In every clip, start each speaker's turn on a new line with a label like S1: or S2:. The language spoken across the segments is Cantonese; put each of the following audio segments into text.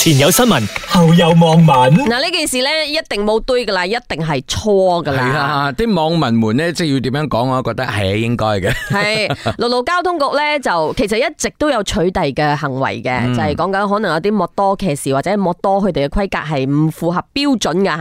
S1: 前有新聞，後有網民。
S2: 嗱，呢件事咧一定冇對噶啦，一定係錯噶啦。係啊，
S1: 啲網民們咧即係要點樣講？我覺得係應該嘅。係，陸
S2: 路交通局咧就其實一直都有取締嘅行為嘅，就係講緊可能有啲莫多騎士或者莫多佢哋嘅規格係唔符合標準嘅吓。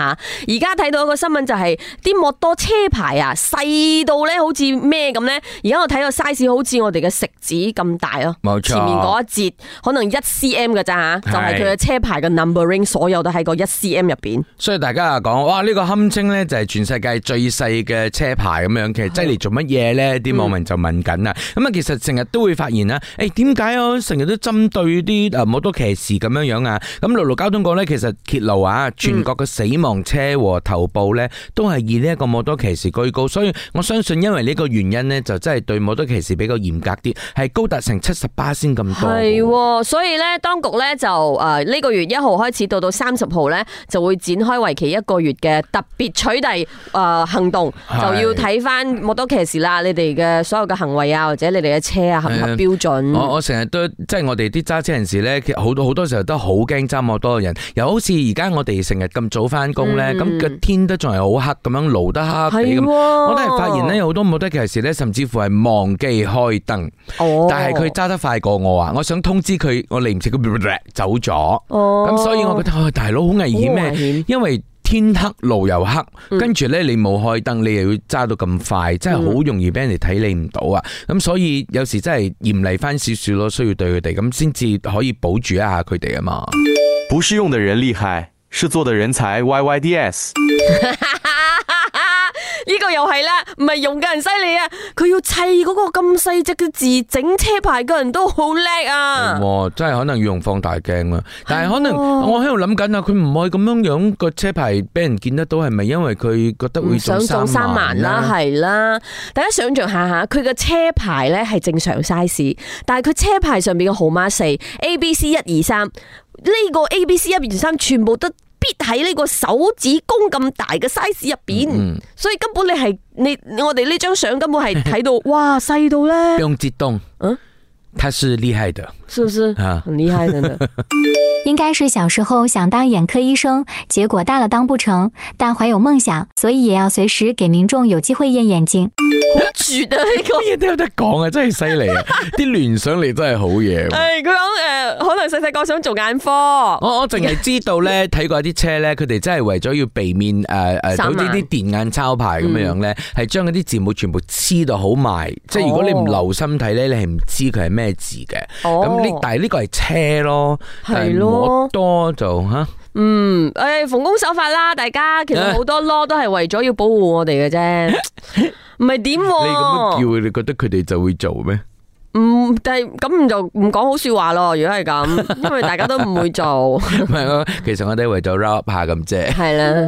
S2: 而家睇到個新聞就係啲莫多車牌啊，細到咧好似咩咁咧？而家我睇個 size 好似我哋嘅食指咁大咯。冇錯，前面嗰一截可能一 cm 嘅咋
S1: 吓，就係佢嘅。
S2: 車牌嘅 numbering，所有都喺個一 CM 入邊，
S1: 所以大家又講，哇呢、這個堪稱呢，就係全世界最細嘅車牌咁樣，其實擠嚟做乜嘢呢？啲網民就問緊啦。咁啊，其實成日都會發現啊，誒點解我成日都針對啲誒摩多騎士咁樣樣啊？咁陸路交通局呢，其實揭露啊，全國嘅死亡車禍頭部呢，都係以呢一個摩多騎士居高，所以我相信因為呢個原因呢，就真係對摩多騎士比較嚴格啲，係高達成七十八先咁多。係、
S2: 哦，所以呢，當局呢，就、呃、誒呢個月一號開始到到三十號呢，就會展開為期一個月嘅特別取締誒、呃、行動，是就要睇翻摩多騎士啦，你哋嘅所有嘅行為啊，或者你哋嘅車啊，合唔合標準？呃、我我
S1: 成日都即係我哋啲揸車人士呢，好多好多時候都好驚揸摩多嘅人，又好似而家我哋成日咁早翻工呢，咁個、嗯、天都仲係好黑，咁樣露得黑、哦、我都係發現咧，有好多摩多騎士呢，甚至乎係忘記開燈，哦、但係佢揸得快過我啊！我想通知佢，我嚟唔切，佢走咗。咁所以我覺得，哦、大佬好危險咩？因為天黑路又黑，跟住呢你冇開燈，你又要揸到咁快，真係好容易俾人哋睇你唔到啊！咁、嗯、所以有時真係嚴厲翻少少咯，需要對佢哋，咁先至可以保住一下佢哋啊嘛。不是用的人厲害，是做的人才 yyds。
S2: 又係啦，唔係用嘅人犀利啊！佢要砌嗰個咁細隻嘅字，整車牌嘅人都好叻啊！
S1: 哇，真係可能要用放大鏡啊。但係可能我喺度諗緊啊，佢唔可以咁樣樣個車牌俾人見得到，係咪因為佢覺得會想賺三萬啦？係
S2: 啦，大家想象下下，佢嘅車牌呢係正常 size，但係佢車牌上面嘅號碼四 A B C 一二三呢個 A B C 一二三全部都。睇呢個手指公咁大嘅 size 入邊，嗯嗯，所以根本你係你我哋呢張相根本係睇到， 哇細到
S1: 咧，兩指凍，嗯。他是厲害的，是不是啊？很厲害真的， 應該是小時候想當眼科醫生，結果大了當不成，但懷有夢想，所以也要隨時給民眾有機會驗眼睛。好絕啊呢咩嘢都有得講啊！真係犀利啊！啲聯 想嚟都係好嘢。係
S2: 佢講誒，可能細細個想做眼科。
S1: 我我淨係知道咧，睇 過啲車咧，佢哋真係為咗要避免誒誒，有啲啲電眼抄牌咁樣樣咧，係將嗰啲字母全部黐到好埋，嗯、即係如果你唔留心睇咧，你係唔知佢係咩？係字嘅，咁呢？但係呢個係車咯，係咯多就
S2: 吓，嗯，誒，奉公守法啦，大家其實好多咯，都係為咗要保護我哋嘅啫，唔係點？你咁
S1: 樣叫佢，你覺得佢哋就會做咩？
S2: 唔，但係咁唔就唔講好說話咯。如果係咁，因為大家都唔會
S1: 做。唔係啊，其實我哋為咗 round up 下咁啫。係啦。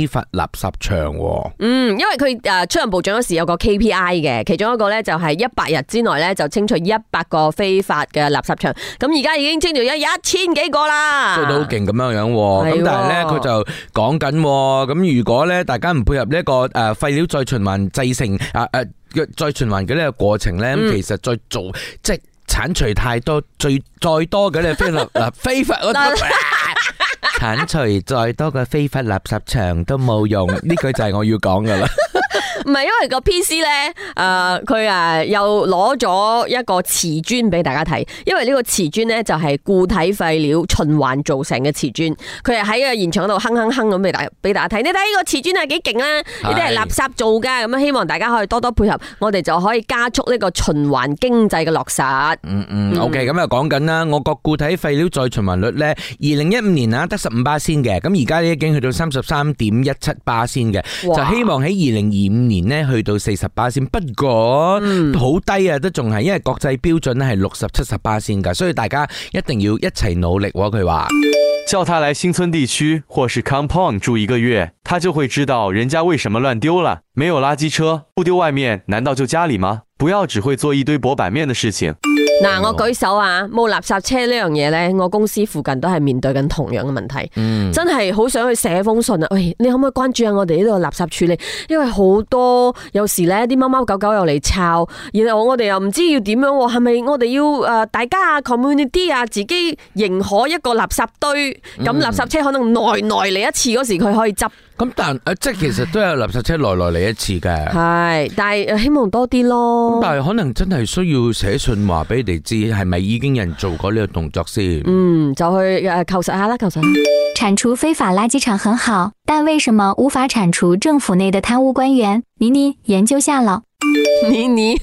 S1: 非法垃圾場喎，
S2: 嗯，因為佢誒出任部長嗰時候有個 KPI 嘅，其中一個咧就係一百日之內咧就清除一百個非法嘅垃圾場，咁而家已經清除咗一千幾個
S1: 啦，做到好勁咁樣樣喎，咁但係咧佢就講緊，咁如果咧大家唔配合呢個誒廢料再循環製成啊誒、啊、再循環嘅呢個過程咧，咁其實再做、嗯、即係鏟除太多最再多嘅呢非法非法 鏟除再多嘅非法垃圾場都冇用，呢句就係我要講嘅啦。
S2: 唔係，因為個 P.C. 呢、呃，誒，佢啊又攞咗一個瓷磚俾大家睇，因為呢個瓷磚呢，就係固體廢料循環做成嘅瓷磚，佢係喺個現場度哼哼哼咁俾大俾大家睇，你睇呢個瓷磚啊幾勁啦，呢啲係垃圾做噶，咁是希望大家可以多多配合，我哋就可以加速呢個循環經濟嘅落實嗯。
S1: 嗯嗯，OK，咁啊講緊啦，我國固體廢料再循環率呢，二零一五年啊得十五巴仙嘅，咁而家已經去到三十三點一七巴仙嘅，就希望喺二零二五年呢去到四十八線，不過好、嗯、低啊，都仲係，因為國際標準咧係六十七十八線噶，所以大家一定要一齊努力、啊，佢話叫他來新村地區或是 compound 住一個月，他就會知道人家為什麼亂丟了。沒有垃圾車，不丟外面，難道就家裏嗎？不要只會做一堆薄板面的事情。
S2: 嗱、嗯，我舉手啊，冇垃圾車呢樣嘢呢，我公司附近都係面對緊同樣嘅問題。嗯、真係好想去寫封信啊！喂、哎，你可唔可以關注下、啊、我哋呢度垃圾處理？因為好多有時呢啲貓貓狗狗又嚟抄，然後我哋又唔知要點樣，係咪我哋要誒、呃，大家啊，community 啊，自己認可一個垃圾堆，咁垃圾車可能耐耐嚟一次嗰時，佢、嗯、可以執。咁但誒，即其實
S1: 都有垃圾車來來嚟一次嘅。
S2: 係，但係希望多啲咯。咁但
S1: 係可能真係需要寫信話俾你哋知，係咪已經有人做過呢個動作先？
S2: 嗯，就去誒求實下啦，求實。鏟除非法垃圾場很好，但為什麼無法鏟除政府內嘅貪污官員？妮妮研究下咯。妮妮。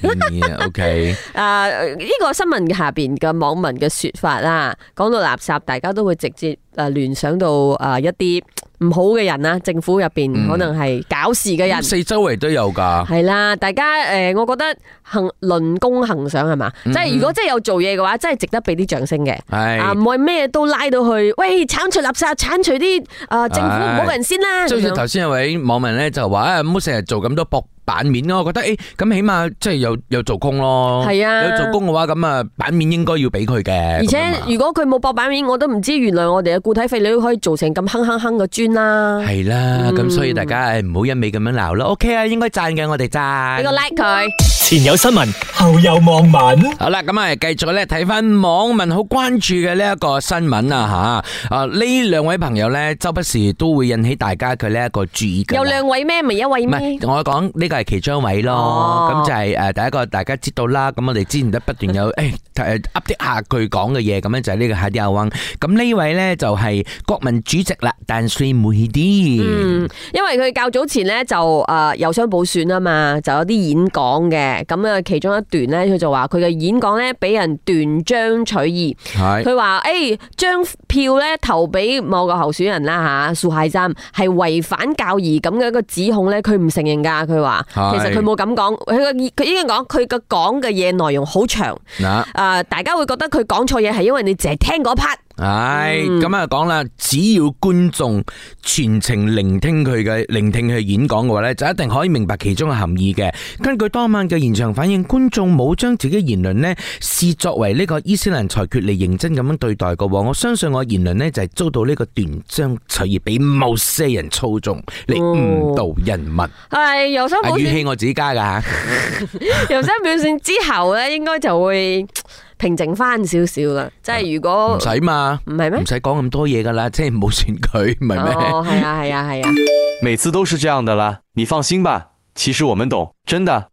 S2: OK。誒，呢個新聞下面嘅網民嘅說法啦，講到垃圾，大家都會直接誒聯想到誒一啲。唔好嘅人啦，政府入邊可能係搞事嘅人，嗯、四周圍都有噶。係啦，大家誒、呃，我覺得行論功行賞係嘛，即係、嗯、哼如果真係有做嘢嘅話，真係值得俾啲掌聲嘅。係是啊，唔會咩都拉到去。喂，鏟除垃圾，鏟除啲啊、呃、政府唔好嘅人先啦。最近頭
S1: 先有位網民咧就話啊，唔好成日做咁多博版面咯，我覺得誒，咁起碼即係有有做工咯，係啊，有做工嘅話，咁啊版面應該要俾佢嘅。而且
S2: 如果佢冇博版面，我都唔知原來我哋嘅固體廢料都可以做成咁坑坑坑嘅磚啦。係
S1: 啦，咁所以大家誒唔好一味咁樣鬧啦。O K 啊，應該讚嘅我哋讚。俾個 like 佢。前有新聞，後有網民。好啦，咁啊繼續咧睇翻網民好關注嘅呢一個新聞啊吓。啊呢兩位朋友咧，周不時都會引起大家佢呢一個注意嘅。
S2: 有兩位咩？唔係一位咩？
S1: 唔係我講呢個。係其中一位咯、哦，咁就係誒，第一個大家知道啦。咁我哋之前都不斷有誒，update 下佢講嘅嘢，咁樣就係、是，呢個哈迪阿翁。咁呢位咧就係國民主席啦，但 a n s m i、嗯、
S2: 因為佢較早前咧就誒有雙補選啊嘛，就有啲演講嘅。咁啊，其中一段咧，佢就話佢嘅演講咧俾人斷章取義。佢話誒，張、哎、票咧投俾某個候選人啦吓，樹海針係違反教義咁嘅一個指控咧，佢唔承認噶，佢話。是 其實佢冇咁講，佢個佢應該講佢嘅講嘅嘢內容好長，啊，大家會覺得佢講錯嘢係因為你淨係聽 part。
S1: 係咁啊！講啦，只要觀眾全程聆聽佢嘅聆聽佢演講嘅話呢，就一定可以明白其中嘅含義嘅。根據當晚嘅現場反應，觀眾冇將自己言論呢視作為呢個伊斯蘭裁決嚟認真咁樣對待嘅。我相信我言論呢就係遭到呢個斷章取義，俾某些人操縱嚟誤導人民。係由、哎、心表現、啊，語氣我自己加噶。
S2: 由 心表現之後呢應該就會。平靜翻少少啦，即係如果唔使
S1: 嘛，唔係咩？唔使講咁多嘢噶啦，即係唔好算佢，唔係咩？哦，係啊，係啊，係啊。 每次都是這樣的啦，你放心吧。其實我們懂，真的。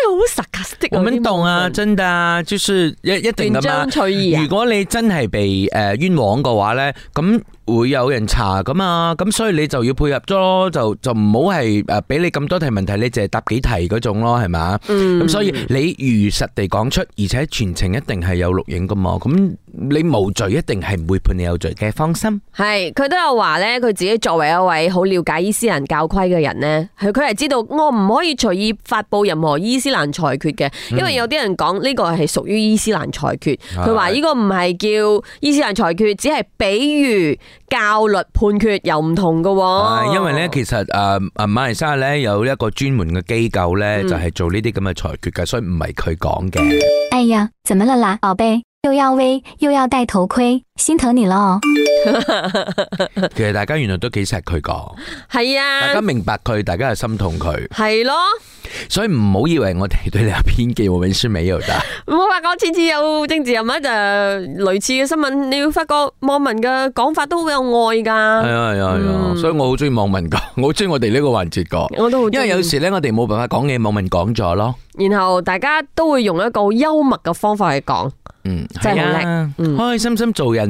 S1: 咁樣動啊，真噶、啊，就是一一定咁樣。如果你真係被誒冤枉嘅話呢，咁會有人查噶嘛，咁所以你就要配合咗咯，就就唔好係誒俾你咁多題問題，你淨係答幾題嗰種咯，係咪？咁、嗯、所以你如實地講出，而且全程一定係有錄影噶嘛，咁。你無罪一定係唔會判你有罪嘅，放心。
S2: 係佢都有話咧，佢自己作為一位好了解伊斯蘭教規嘅人咧，佢佢係知道我唔可以隨意發布任何伊斯蘭裁決嘅，因為有啲人講呢個係屬於伊斯蘭裁決。佢話呢個唔係叫伊斯蘭裁決，是只係比喻教律判決又唔同嘅，哦。係因為咧，
S1: 其實誒誒、呃，馬來西亞咧有一個專門嘅機構咧，就係、是、做呢啲咁嘅裁決嘅，所以唔係佢講嘅。哎呀，怎麼了啦，寶貝？又要威，又要戴頭盔。
S2: 心疼你咯，
S1: 其實大家原來都幾錫佢噶，係啊，大家明白佢，大家係心痛佢，係咯，所以唔好以為我哋對你有偏見或損美又得。
S2: 唔好話我次次有政治人物就類似嘅新聞，你會發覺網民嘅講法都好有愛噶，係啊係啊係啊，所
S1: 以我好中意網民講，我好中意我哋呢個環節個，我都好，因為有時咧我哋冇辦法講嘢，網民講咗咯。
S2: 然後大家都會用一個幽默嘅方法去講，
S1: 嗯，真係好叻，開開心心做人。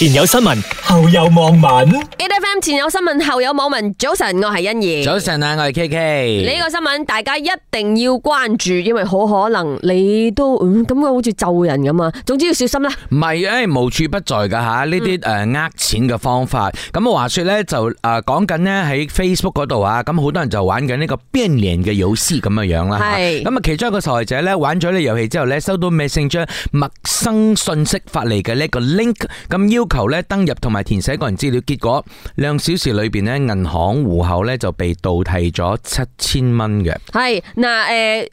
S1: 前有新聞，後有網民。
S2: A. F. M. 前有新聞，後有網民。早晨，我係欣宜。早
S1: 晨啊，我係 K. K. 呢
S2: 個新聞大家一定要關注，因為好可能你都咁樣好似咒人咁啊。總之要小心啦。
S1: 唔係誒，無處不在噶吓，呢啲誒呃錢嘅方法。咁我話說咧就誒講緊咧喺 Facebook 嗰度啊，咁好多人就玩緊呢個變臉嘅遊戲咁嘅樣啦。係咁啊，其中一個受害者咧玩咗呢遊戲之後咧，收到咩信將陌生信息發嚟嘅呢個 link，咁要。求咧登入同埋填寫個人資料，結果兩小時裏面銀行戶口就被盜提咗七千蚊嘅。
S2: 係嗱，誒，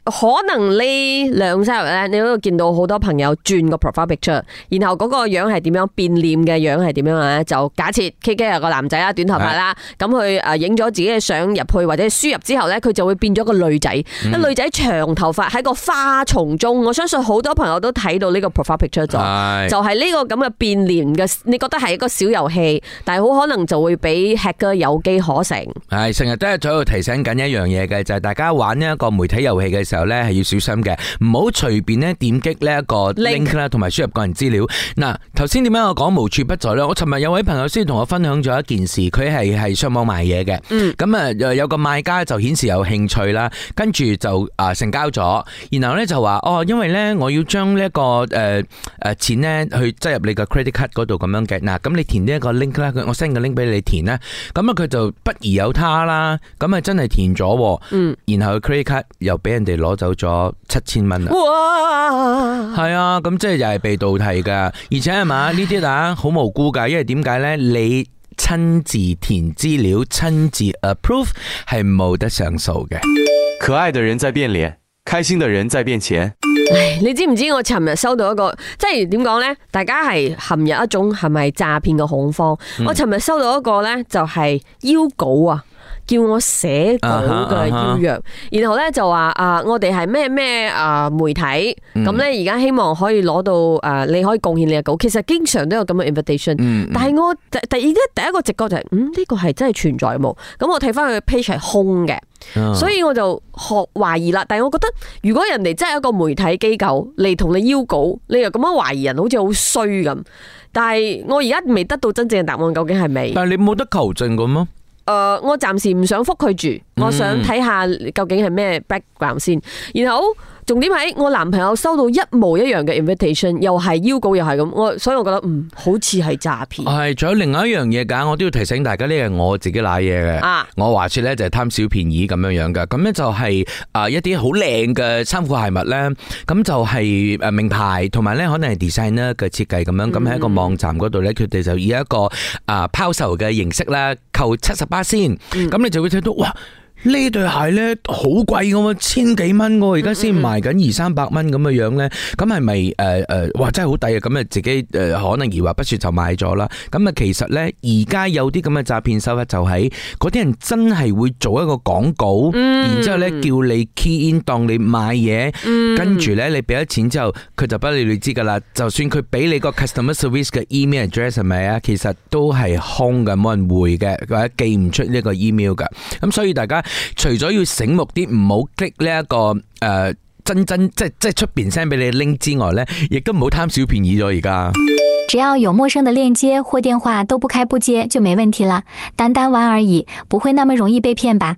S2: 可能呢兩日咧，你嗰度見到好多朋友轉個 profile picture，然後嗰個樣係點樣變臉嘅樣係點樣啊？就假設 K K 有個男仔短頭髮啦，咁佢影咗自己嘅相入去或者輸入之後咧，佢就會變咗個女仔，嗯、女仔長頭髮喺個花叢中。我相信好多朋友都睇到呢個 profile picture 是的
S1: 就
S2: 係呢個咁嘅變臉嘅。你覺得係一個小遊戲，但係好可能就會俾 hacker 嘅，有機可乘。
S1: 係成日都喺度提醒緊一樣嘢嘅，就係、是、大家玩呢一個媒體遊戲嘅時候咧，係要小心嘅，唔好隨便咧點擊呢一個 link 啦，同埋輸入個人資料。嗱，頭先點解我講無處不在咧？我尋日有位朋友先同我分享咗一件事，佢係係上網賣嘢嘅。咁啊、嗯，有個賣家就顯示有興趣啦，跟住就成交咗，然後咧就話哦，因為咧我要將呢一個誒誒、呃、錢咧去擠入你嘅 credit card 嗰度咁樣。嗱，咁你填呢一個 link 啦，佢我 send 個 link 俾你填啦，咁啊佢就不宜有他啦，咁啊真係填咗，嗯，然後佢 credit 卡又俾人哋攞走咗七千蚊啦，哇，係啊，咁即係又係被倒提噶，而且係嘛呢啲啊好無辜噶，因為點解咧？你親自填資料，親自 approve 係冇得上訴嘅，可愛的人在變臉。開心的人在變錢。
S2: 唉，你知唔知我尋日收到一個，即係點講咧？大家係陷入一種係咪詐騙嘅恐慌？我尋日收到一個咧，就係邀稿啊。叫我寫稿嘅邀約，啊哈啊哈然後咧就話啊、呃，我哋係咩咩啊媒體，咁咧而家希望可以攞到誒、呃，你可以貢獻你嘅稿。其實經常都有咁嘅 invitation，嗯嗯、但係我第第二第一個直覺就係、是，嗯呢、這個係真係存在冇？咁、嗯、我睇翻佢嘅 page 係空嘅，啊啊所以我就學懷疑啦。但係我覺得如果人哋真係一個媒體機構嚟同你邀稿，你又咁樣懷疑人，好似好衰咁。但係我而家未得到真正嘅答案，究竟係咪？但
S1: 係你冇得求證嘅咩？
S2: 誒、呃，我暫時唔想覆佢住，我想睇下究竟係咩 background 先，然後。重點係我男朋友收到一模一樣嘅 invitation，又係邀稿，又係咁，我所以我覺得嗯，好似係詐騙。
S1: 係，仲有另外一樣嘢噶，我都要提醒大家，呢樣我自己瀨嘢嘅。啊，我話説咧就係貪小便宜咁樣樣噶，咁咧就係啊一啲好靚嘅衫褲鞋襪咧，咁就係誒名牌，同埋咧可能係 designer 嘅設計咁樣，咁喺一個網站嗰度咧，佢哋就以一個啊拋售嘅形式咧，扣七十八先，咁你就會睇到哇！呢對鞋咧好貴㗎喎，千幾蚊喎，而家先賣緊二三百蚊咁嘅樣咧，咁係咪誒誒，哇真係好抵啊！咁啊自己、呃、可能二話不説就買咗啦。咁啊其實咧而家有啲咁嘅詐騙手法就係嗰啲人真係會做一個廣告，嗯、然之後咧叫你 key in 當你買嘢，跟住咧你俾咗錢之後，佢就不理你知㗎啦。就算佢俾你個 customer service 嘅 email address 係咪啊？其實都係空嘅，冇人回嘅，或者寄唔出呢個 email 㗎。咁所以大家。除咗要醒目啲，唔好激呢一個誒、呃、真真即係即係出邊 send 俾你拎之外呢，亦都唔好貪小便宜咗而家。
S2: 只要有陌生嘅鏈接或電話，都不開不接就沒問題啦。單單玩而已，不會那麼容易被騙吧？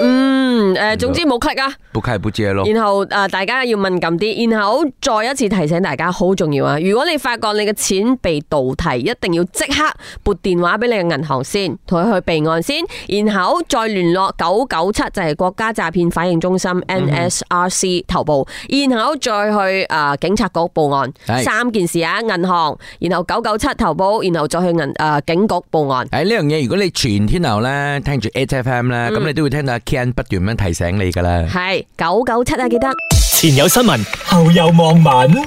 S2: 嗯，誒，總之冇咳啊，
S1: 不接不接咯。然
S2: 後誒，大家要敏感啲。然後再一次提醒大家，好重要啊！如果你發覺你嘅錢被盜提，一定要即刻撥電話俾你嘅銀行先，同佢去備案先。然後再聯絡九九七，就係國家詐騙反應中心 NSRC 投報。然後再去誒、呃、警察局報案。是三件事啊，銀行，然後九九七投報，然後再去銀誒、呃、警局報案。
S1: 係呢樣嘢，如果你全天候咧聽住 HFM 咧，咁你都會。聽到阿 Ken 不斷咁樣提醒你噶啦，
S2: 係九九七啊，記得
S1: 前有新聞，後有網民。